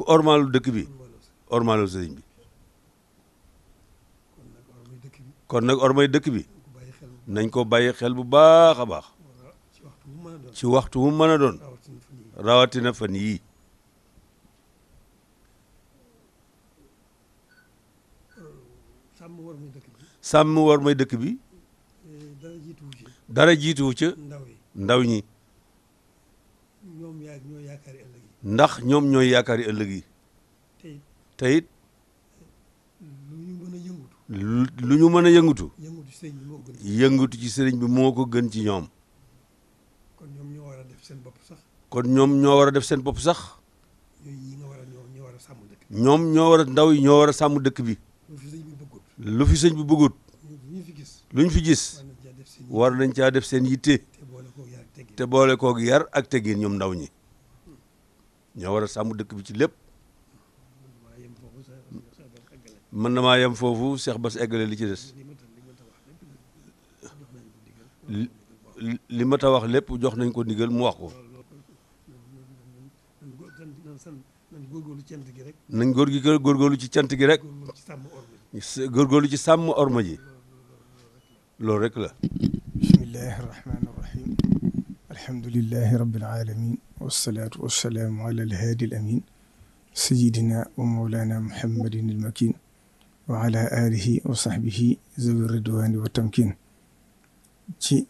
ku ormaalu dëkk bi ormaalu sëriñ bi kon nag ormay dëkk bi nañ ko bàyyi xel bu baax a baax ci waxtu mu mën a doon rawatina fan yii sàmm war may dëkk bi dara jiituwu ca ndaw ñi ñoom ñooy yaakaari ndax ñoom ñooy yaakaari ëllëg yi. te it lu ñu mën a yëngutu. lu ñu mën a yëngutu. yëngutu ci sëriñ bi moo gën ci sëriñ bi moo ko gën ci ñoom. kon ñoom ñoo war a def seen bopp sax. kon ñoom ñoo war a def seen bopp sax. ñooñu ñoo war a ñoo war a sàmm ñoom ñoo war a ndaw yi ñoo war a sàmm dëkk bi. lu fi sëñ bi bëggut. lu ñu fi gis. lu ñu fi gis. war nañ caa def seen yitte. te boole koog yar ak teggin ñoom ndaw ñi ñoo war a sàmm dëkk bi ci lépp mën na maa yem foofu Cheikh Bass eggale li ci des li ma wax lépp jox nañ ko ndigal mu wax ko nañ góor gi góorgóorlu ci cant gi rek góorgóorlu ci sàmm orma ji loolu rek la alhamdulilahi rabbil alamin wassalaatu wassalaamu ala alhaadi al amin sayidina wa mawlana muhammadin almakin wa ala alihi wa sahbihi zawi ridwani wa tamkin ci